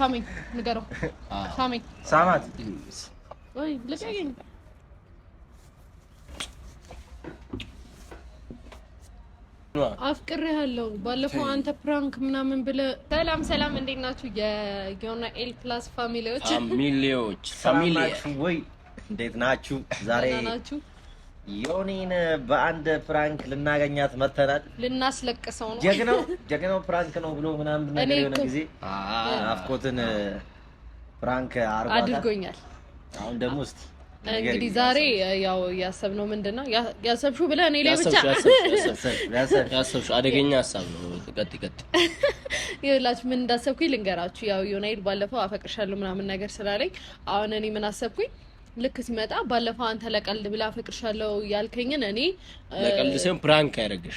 ሳመኝ ንገረው። ሳመኝ ሳማት። ወይ ልቀቀኝ። አፍቅሬሃለሁ። ባለፈው አንተ ፕራንክ ምናምን ብለህ። ሰላም ሰላም፣ እንዴት ናችሁ የጊዮና ኤል ፕላስ ፋሚሊዎች? ፋሚሊዎች፣ ፋሚሊ ወይ እንዴት ናችሁ? ዛሬ ናችሁ ዮኒን በአንድ ፕራንክ ልናገኛት መተናል። ልናስለቅሰው ነው። ጀግናው ጀግናው ፕራንክ ነው ብሎ ምናምን ነገር የሆነ ጊዜ አፍኮትን ፕራንክ አድርጎኛል። አሁን ደግሞ እስኪ እንግዲህ ዛሬ ያው ያሰብ ነው ምንድን ነው ያሰብሽው ብለህ እኔ ላይ ብቻ ያሰብሽው አደገኛ ሀሳብ ነው። ቀጥ ቀጥ ይኸውላችሁ ምን እንዳሰብኩኝ ልንገራችሁ። ያው ዮናይል ባለፈው አፈቅርሻለሁ ምናምን ነገር ስላለኝ አሁን እኔ ምን አሰብኩኝ ልክ ሲመጣ ባለፈው አንተ ለቀልድ ብላ አፈቅርሻለሁ ያልከኝን እኔ ለቀልድ ሲሆን ፕራንክ ያደረግሽ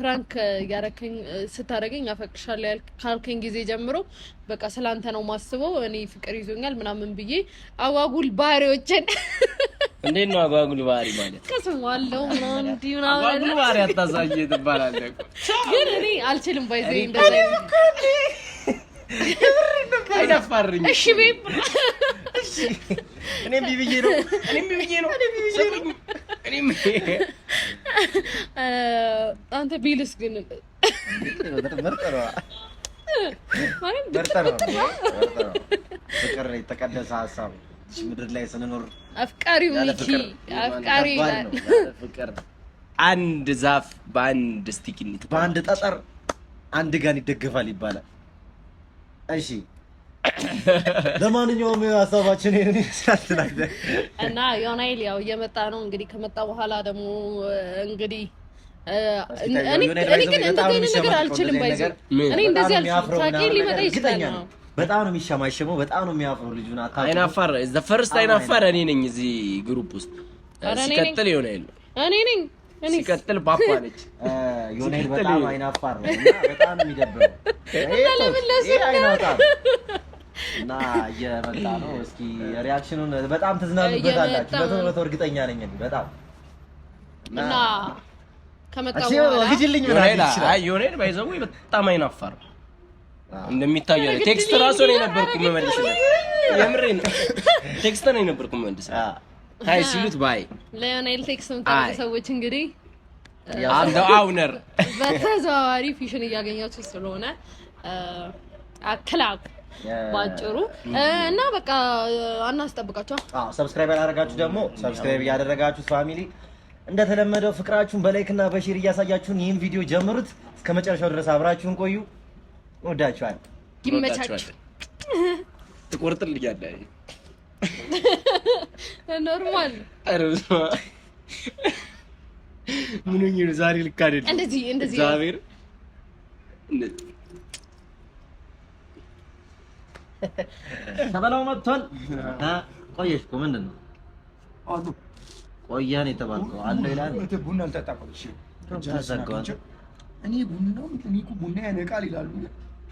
ፕራንክ ያረከኝ ስታደረገኝ አፈቅርሻለሁ ካልከኝ ጊዜ ጀምሮ በቃ ስለ አንተ ነው ማስበው፣ እኔ ፍቅር ይዞኛል ምናምን ብዬ አጓጉል ባህሪዎችን እንዴት ነው አጓጉል ባህሪ ማለት ከስሙ አለው አጓጉል ባህሪ አታሳየ ትባላለ። ግን እኔ አልችልም ባይዘ እንደዛ አይዳፋርኝ። እሺ ቤብ፣ እኔም ቢብዬ ነው፣ እኔም ቢብዬ ነው፣ እኔም ቢብዬ ነው። እኔም አንተ ቢልስ ግን ፍቅር የተቀደሰ ሀሳብ ምድር ላይ ስንኖር አፍቃሪ ሚኪ አፍቃሪ ይላል። አንድ ዛፍ በአንድ ስቲኪ በአንድ ጠጠር አንድ ጋን ይደገፋል ይባላል። እሺ ለማንኛውም ሀሳባችን ይህን ያስተላልፈ እና ዮናይል ያው እየመጣ ነው እንግዲህ ከመጣ በኋላ ደግሞ እንግዲህ እኔ በጣም ነው የሚሸማሸመው። በጣም ነው የሚያፍረው አይናፋር ዘ ፈርስት አይናፋር እኔ ነኝ እዚህ ግሩፕ ውስጥ ሲቀጥል ይሆናል እኔ ነኝ ሲቀጥል ባባ ነች። ዮናይል በጣም አይናፋር ነው እና በጣም የሚደብረው እና እየመጣ ነው። እስኪ ሪያክሽኑን በጣም ትዝናኑበታላችሁ። መቶ መቶ እርግጠኛ ነኝ በጣም እና ከመጣ ባይዘው በጣም አይናፋር እንደሚታዩ ቴክስት ራሱ ነው የነበርኩ መመልስ የምሬን ቴክስት ነው የነበርኩ መመልስ ታይ ሲሉት ባይ ለዮናይል ቴክስ የምታውቁ ሰዎች እንግዲህ አንዱ አውነር በተዘዋዋሪ ፊሽን እያገኛችሁ ስለሆነ አክላብ ባጭሩ mm-hmm. እና በቃ አናስጠብቃቸው። አዎ ሰብስክራይብ ያላደረጋችሁ ደግሞ ሰብስክራይብ ያደረጋችሁ ፋሚሊ እንደተለመደው ፍቅራችሁን በላይክና በሼር እያሳያችሁን ይህን ቪዲዮ ጀምሩት። እስከ መጨረሻው ድረስ አብራችሁን ቆዩ። እንወዳችኋል። ይመቻችሁ። ትቆርጥልኛለህ ኖርማል። ምን ነው ዛሬ ልክ አይደለም። እንደዚህ እንደዚህ እግዚአብሔር ተበላው መጥቷል። ቆየሽ እኮ ምንድን ነው ቆያን የተባልከው? አለ ይላል ቡና አልጠጣም እኔ ቡና ያነቃል ይላሉ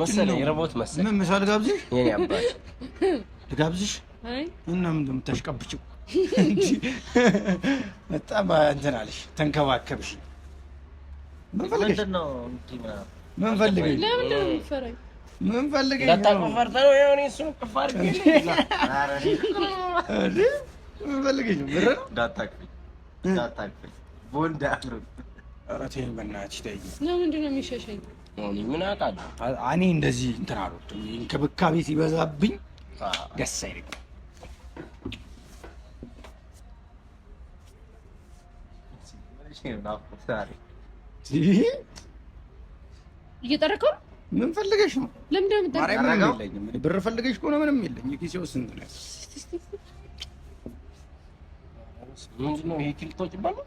መሰለኝ ረቦት መሰለኝ። ምን ምሳ ልጋብዝሽ? የኔ አባት ልጋብዝሽ? እና ምን እንደምታሽቀብጭው በጣም እንትን አለሽ፣ ተንከባከብሽ። ምን ፈልገሽ? ምን ፈልገሽ? ምን ፈልገሽ? ምን ፈልገሽ? ብር እንዳታቅፈኝ፣ እንዳታቅፈኝ። ቦንድ ኧረ ተይኝ በእናትሽ ተይኝ። ለምንድን ነው የሚሸሸኝ? ምን አውቃለሁ። እኔ እንደዚህ እንትን እንክብካቤ ሲበዛብኝ ደስ አይለኝም። እየጠረከው ምን ፈልገሽ ነው? ብር ፈልገሽ ከሆነ ምንም የለኝ ስንት ነው? ምንድን ነው ይሄ ኪልቶች ይባላል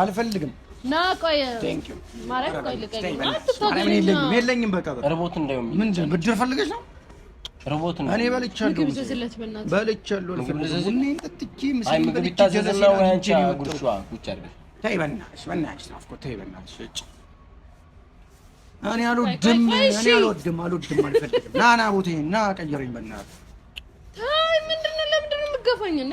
አልፈልግም ና ቆይ ማርያም ቆይ የለኝም በቃ ርቦት እንደውም ምንድን ብድር ፈልገሽ ነው ርቦት ነው እኔ በልቻለሁ በልቻለሁ ምግብ ይታዘዝና ወይ አንቺ ጉርሻ ቁጭ ተይ በእናትሽ በእናትሽ ናፍቆት ተይ በእናትሽ እጭ እኔ አልወድም እኔ አልወድም አልወድም አልፈልግም ና ና ቦቴ ና ቀይረኝ በእናትህ ተይ ምንድን ነው ለምንድን ነው የምትገፋኝ እኔ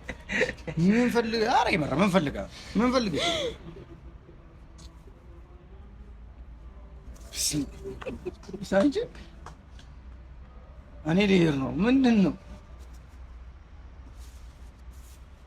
ምን ፈልገህ? ኧረ ይመራ ምን ፈልገህ? ምን ፈልገህ? እኔ ልሄድ ነው ምንድን ነው?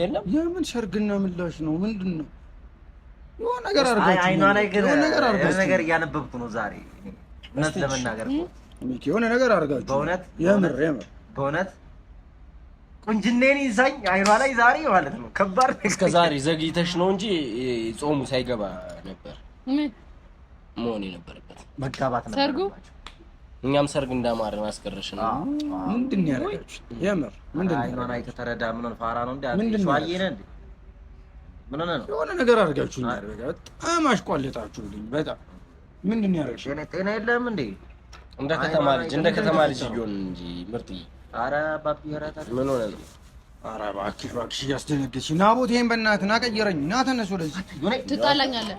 የለም የምን ሰርግና ምላሽ ነው? ምንድን ነው? የሆነ ነገር አድርጋችሁ ነገር እያነበብኩ ነው ዛሬ እውነት ለመናገር ሚኪ፣ የሆነ ነገር አድርጋችሁ በእውነት የምር የምር በእውነት ቁንጅኔን ይዛኝ አይኗ ላይ ዛሬ ማለት ነው። ከባድ እስከ ዛሬ ዘግይተሽ ነው እንጂ ጾሙ ሳይገባ ነበር ምን መሆን የነበረበት መጋባት ነበር ሰርጉ እኛም ሰርግ እንዳማረን አስቀረሽ ነው። ምንድን ያደረጋችሁ? የምር ምንድን ነው ተረዳ? ምን ፋራ ነው? እንዴ? አይ ምን ነው? የሆነ ነገር አድርጋችሁ በጣም አሽቋለጣችሁልኝ። በጣም ምንድን ያደረግሽ? ጤና የለም እንዴ? እንደ ከተማ ልጅ እንደ ከተማ ልጅ እየሆን እንጂ ምርጥዬ። ኧረ አባቢ ምን ሆነ ነው? ኧረ እባክሽ እባክሽ፣ እያስደነገጥሽ ናቦት። ይሄን በእናትህ ና ቀይረኝ፣ ና ተነሱ ወደዚህ። ትጣላኛለህ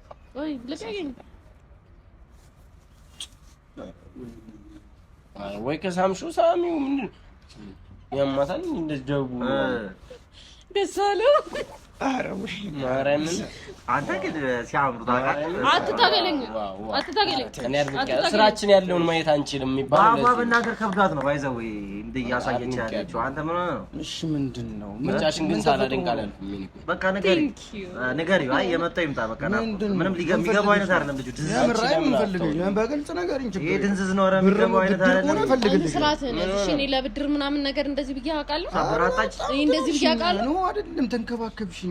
ወይ ልቀቀኝ፣ ወይ ከሳምሹ ሳሚው ምንድን ያማታል እንደዚህ ደቡ ደስ አለው። ስራችን ያለውን ማየት አንችልም የሚባለው በእናትህ ከብዷት ነው። ባይዘው እያሳየች ያለችው አንተ ምን ነው? እሺ ምንድን ነው ምርጫሽን ግን ሳላደንቅ አላልኩም። በቃ ንገሪው አይ የመጣው ይምጣ። በቃ ምንም የሚገባው አይነት አይደለም ልጁ። ይሄ ድንዝዝ ነው የሚገባው አይነት አይደለም። ስርዓትህን ያዝ። እኔ ለብድር ምናምን ነገር እንደዚህ ብዬሽ አውቃለሁ። እንደዚህ ብዬሽ አውቃለሁ አይደለም። ተንከባከብሽኝ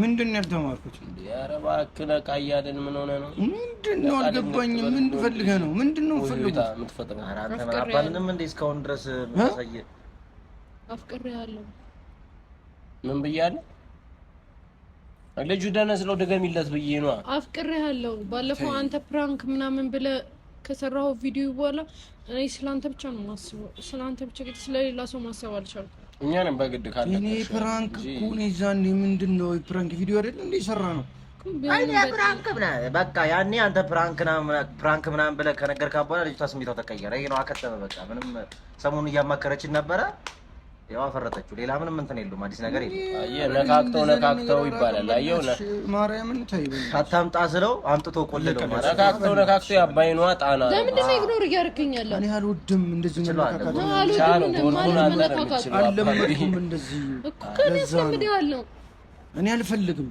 ምንድን ነው ያልተማርኩት? ኧረ እባክህ ለቃ እያልን ምን ሆነህ ነው? ምንድን ነው አልገባኝም። ምን ፈልገህ ነው? ምንድን ነው ፈልገህ የምትፈጥረው? እስካሁን ድረስ ሳየ አፍቅሬሃለሁ። ምን ብያለሁ? ልጁ ደነስ ነው ደገሚለት ብዬ ነዋ። አፍቅሬሃለሁ። ባለፈው አንተ ፕራንክ ምናምን ብለህ ከሰራኸው ቪዲዮ በኋላ እኔ ስለአንተ ብቻ ነው የማስበው። ስለአንተ ብቻ ስለሌላ ሰው ማሰብ አልቻልኩም። እኛንም በግድ ካለ እኔ ፕራንክ እኮ ነው። የዛኔ ምንድን ነው ፕራንክ ቪዲዮ አይደል እንዴ ሰራ ነው። አይ ፕራንክ ምናምን በቃ ያኔ አንተ ፕራንክ ፕራንክ ምናምን ብለህ ከነገርካት በኋላ ልጅቷ ስሜቷ ተቀየረ። ይሄ ነው አከተመ። በቃ ምንም ሰሞኑን እያማከረችን ነበረ ያው አፈረጠችው። ሌላ ምንም እንትን የለውም፣ አዲስ ነገር የለም። አየህ ነካክተው ነካክተው ይባላል። አየው ማርያምን አታምጣ ስለው አምጥቶ ቆለለው። ነካክተው ነካክተው ያባይ ነዋ ጣና። ለምንድን ነው ኢግኖር እያደረገኝ ያለው? እኔ አልወድም እንደዚህ ነው ነካካት አልለመድኩም እንደዚህ እኮ ከእኔ አስለምደዋለሁ እኔ አልፈልግም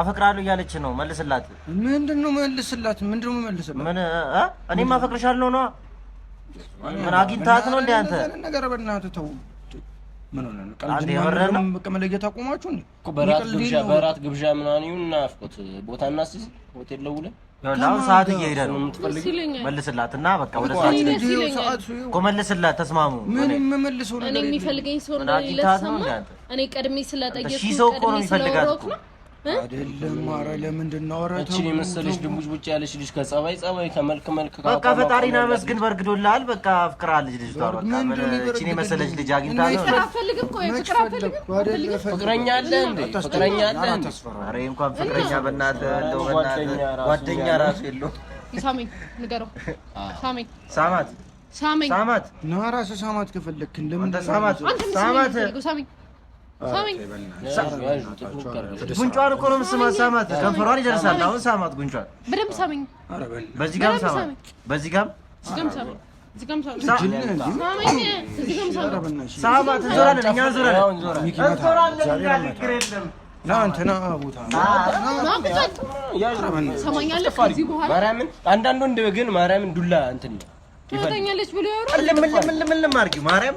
አፈቅራለሁ እያለች ነው። መልስላት። ምንድን ነው መልስላት? ምንድን ነው መልስላት? ምን እኔም አፈቅርሻለሁ ነው። ምን አግኝታት ነው እንዴ አንተ? ነገር በእናትህ ተው። ምን ነው? ቀልድ ነው። በቃ መለየት አቆማችሁ እንዴ? በራት ግብዣ በራት ግብዣ ምናምን ይሁንና አፍቆት ቦታ እና ሲስ ሆቴል ለውለ አሁን ሰዓት እየሄደ ነው። መልስላት እና በቃ ወደ ሰዓት እኮ መልስላት። ተስማሙ። ምን የምመልሰው ነገር እኔ የሚፈልገኝ ሰው ነው። ለሰማ እኔ ቀድሜ ስለጠየቅኩ ቀድሜ ስለወረኩ ነው አይደለም። ኧረ ለምንድን ነው እችን የመሰለች ድንቡጭ ቡጭ ያለች ልጅ ከጸባይ ጸባይ ከመልክ መልክ በቃ ፈጣሪን አመስግን። በርግዶልሃል። በቃ አፍቅራለች ልጅቷ። እችን የመሰለች ልጅ አግኝታለሁ። ፍቅረኛ አለ እንዴ? ፍቅረኛ አለ እንዴ? አረ እንኳን ፍቅረኛ በእናትህ እንደው በእናትህ ጓደኛ ራሱ የለውም። ሳመኝ፣ ንገረው። ሳመኝ፣ ሳማት፣ ሳመኝ፣ ሳማት ነው እራሱ ሳማት። ከፈለክ እንደምን ሳማት፣ ሳማት ጉንጯን እኮ ነው የምትስማት። ሳማት፣ ከንፈሯን ይደርሳል። አሁን ሳማት፣ ጉንጯን በደንብ ሳመኝ። በዚህ ጋርም ሳማት፣ በዚህ ጋርም ሳማት። እንዞራለን፣ እኛ እንዞራለን፣ ማርያምን፣ አንዳንድ ወንድ ግን ማርያምን ዱላ እንትን ብሎ ያወራል። አድርጊው ማርያምን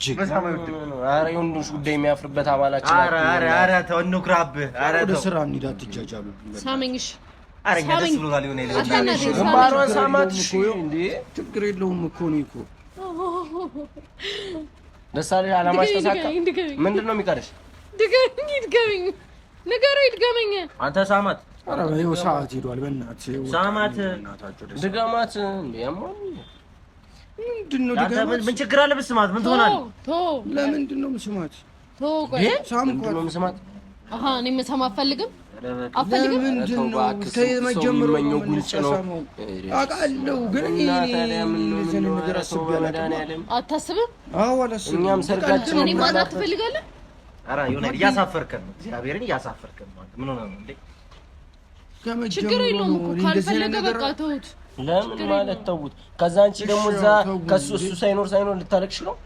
እጅግ የወንዶች ጉዳይ የሚያፍርበት አባላችን ወደ ስራ እንሂድ። አትጃጃሉ። ችግር የለውም እኮ እኔ እኮ ደሳሌ አላማሽ ተሳካ። ምንድን ነው የሚቀርሽ? ድገመኝ፣ ድገመኝ፣ ንገረው፣ ይድገመኝ። አንተ ሳማት። ኧረ በይው፣ ሰዓት ሄዷል። በእናትህ ሳማት፣ ድገማት። እንዴ ያማል ምንድነው? ድጋሚ ምን ችግር አለ ብስማት? ምን ትሆናለህ? ለምንድን ነው የምስማት? እኔ የምሰማ አፈልግም አፈልግም። ጉንጭ ነው አውቃለሁ፣ ግን እኛም ሰርጋችን ትፈልጋለህ? እያሳፈርከን ነው፣ እግዚአብሔርን እያሳፈርከን ነው። ምን ሆነህ ነው እንዴ? ከመጀመሩ ነው ካልፈለገ በቃ ተውት። ለምን ማለት ተውት። ከዛ አንቺ ደግሞ እዛ ከሱ እሱ ሳይኖር ሳይኖር ልታለቅሽ ነው።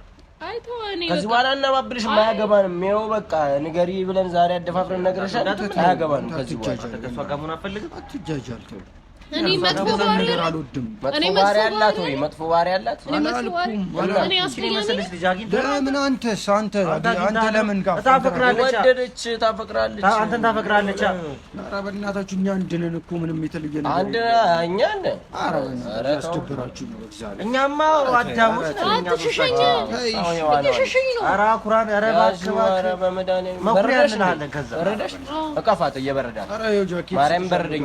ከዚህ በኋላ እናባብልሽ አያገባንም። ይኸው በቃ ንገሪ ብለን ዛሬ አደፋፍረን ነግረሻል። አያገባንም ከዚህ በኋላ እኔ መጥፎ ባህሪ አልወድም። መጥፎ ባህሪ አላት ወይ? መጥፎ ባህሪ አላት። ለምን አንተስ አንተ አንተ ለምን ጋር ወደደች? ታፈቅራለች፣ አንተን ታፈቅራለች። ኧረ በእናታችሁ እኛ አንድ እኮ ምንም የተለየ ነገር አንድ እኛ ነን። ኧረ ነው። እግዚአብሔር እኛማ አዳሙስ አትሽሸኝ፣ እየሸሸኝ ነው። ኧረ አኩራን፣ ኧረ እባክህ እባክህ፣ በመድኃኒዓለም መኩሪያ እንልሃለን። ከዛ በረደሽ፣ እቀፋት፣ እየበረዳል። ኧረ ይኸው ጃኬት ማርያም በረደኝ፣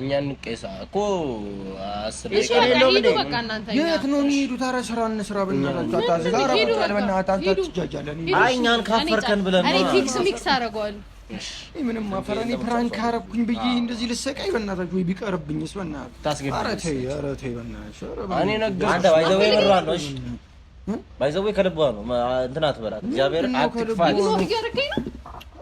እኛ እንቀሳ እኮ አስር የት ነው የሚሄዱት? ኧረ ስራ እንስራ ብናላችሁ እኛን ካፈርከን ብለን ፊክስ ሚክስ አደርገዋለሁ። ምንም አፈር እኔ ፕራንክ አረብኩኝ ብዬ እንደዚህ ልሰቃይ በእናታችሁ ወይ ቢቀርብኝስ? በእናትህ ባይዘዌ ከልቧ ነው እንትን አትበላት እግዚአብሔር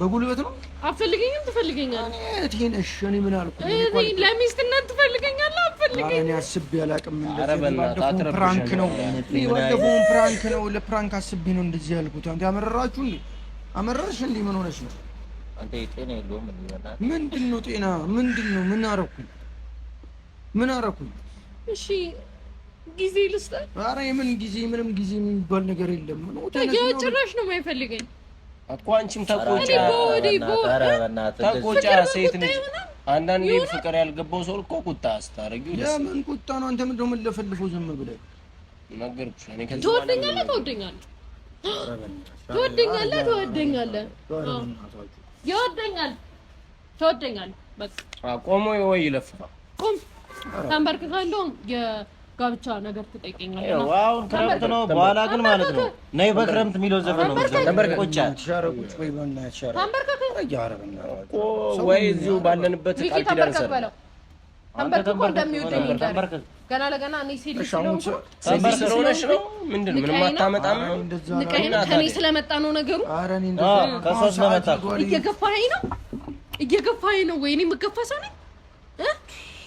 በጉልበት ነው አፈልገኝም ትፈልገኛለህ? እህቴ ነሽ። እኔ ምን አልኩኝ? ለሚስትነት ትፈልገኛለህ? አፈልገኝ? እኔ አስቤ አላውቅም። ባለፈውን ፕራንክ ነው ባለፈውን ፕራንክ ነው ለፕራንክ አስቤ ነው እንደዚህ ያልኩት። አንተ ያመረራችሁ እንዴ? አመረርሽ እንዴ? ምን ሆነሽ ነው? ምንድን ነው ጤና? ምንድን ነው? ምን አደረኩኝ? ምን አደረኩኝ? እሺ ጊዜ ልስጠህ። ኧረ የምን ጊዜ? ምንም ጊዜ የሚባል ነገር የለም። ጭራሽ ነው የማይፈልገኝ እኮ አንቺም ተቆጫ ተቆጫ ሴት ልጅ አንዳንዴ ፍቅር ያልገባው ሰው እኮ ቁጣ አስታረጊው። ለምን ቁጣ ነው አንተ? ምንድን ነው የምንለፈልፈው? ዝም ብለህ ነገርኩሽ። እኔ ከዚህ ትወደኛለህ፣ ትወደኛለህ፣ ትወደኛለህ፣ ትወደኛለህ፣ ይወደኛል፣ ትወደኛለህ። በቃ ቆሞ ወይ ይለፍፋ። ቆም ተንበርክከህ እንደውም ጋብቻ ነገር ትጠይቀኛለህ። ክረምት ነው፣ በኋላ ግን ማለት ነው። ነይ በክረምት የሚለው ዘፈን ነው። ወይ እዚሁ ባለንበት ቃል ኪዳን ገና ለገና እኔ ሴት ስለሆነሽ ነው። ምንድን ምንም አታመጣም። ከእኔ ስለመጣ ነው ነገሩ። ከእሷ ስለመጣ እየገፋኸኝ ነው፣ እየገፋኸኝ ነው። ወይ እኔ የምገፋ ሰው ነኝ?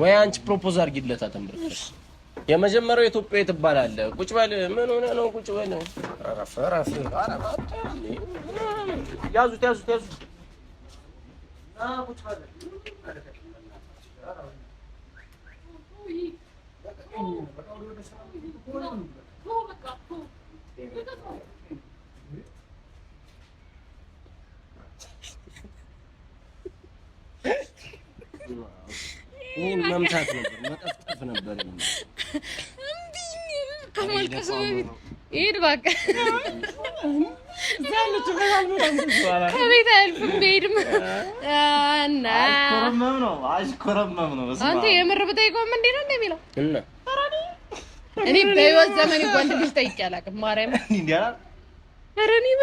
ወይ አንቺ ፕሮፖዝ አድርጊለት አተምብረሽ የመጀመሪያው ኢትዮጵያ ትባላለህ። ቁጭ በል። ምን ሆነ ነው? ቁጭ በል። አረፈ አረፈ። ያዙት ያዙት ያዙት። እኔን መምታት ነበር፣ መጠፍጠፍ ነበር። የምር ብጠይቀውም እንዴ ነው እንደሚለው እኔ በህይወት ዘመን ወንድ ልጅ ጠይቄ አላውቅም። ማርያም ኧረ እኔ በ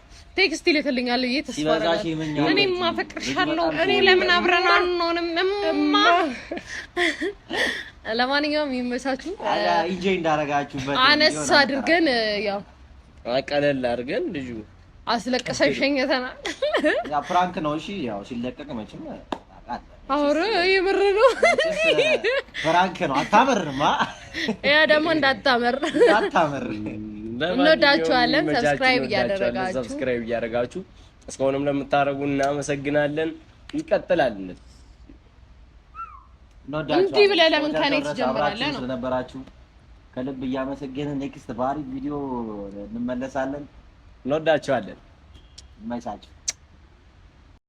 ቴክስት ይልክልኛል። እየተስፋራሽ እኔ ማፈቅርሻለሁ እኔ ለምን አብረን አንሆንም? እማ ለማንኛውም ይመቻችሁ። ኢንጆ እንዳረጋችሁበት አነስ አድርገን ያው አቀለል አድርገን ልጁ አስለቀሰን ሸኝተናል። ያ ፕራንክ ነው። እሺ ያው ሲለቀቅ መቼም አውር የምር ነው። ፕራንክ ነው። አታመርማ። ያ ደግሞ እንዳታመር እንዳታመር እንወዳችኋለን። ሰብስክራይብ እያደረጋችሁ ሰብስክራይብ እያደረጋችሁ እስካሁንም ለምታደርጉ እናመሰግናለን። ይቀጥላል። እንዲህ ብለህ ለምን ከኔ ትጀምራለህ? ነው ስለነበራችሁ ከልብ እያመሰገንን ኔክስት ቪዲዮ እንመለሳለን። እንወዳችኋለን። ይመቻችሁ።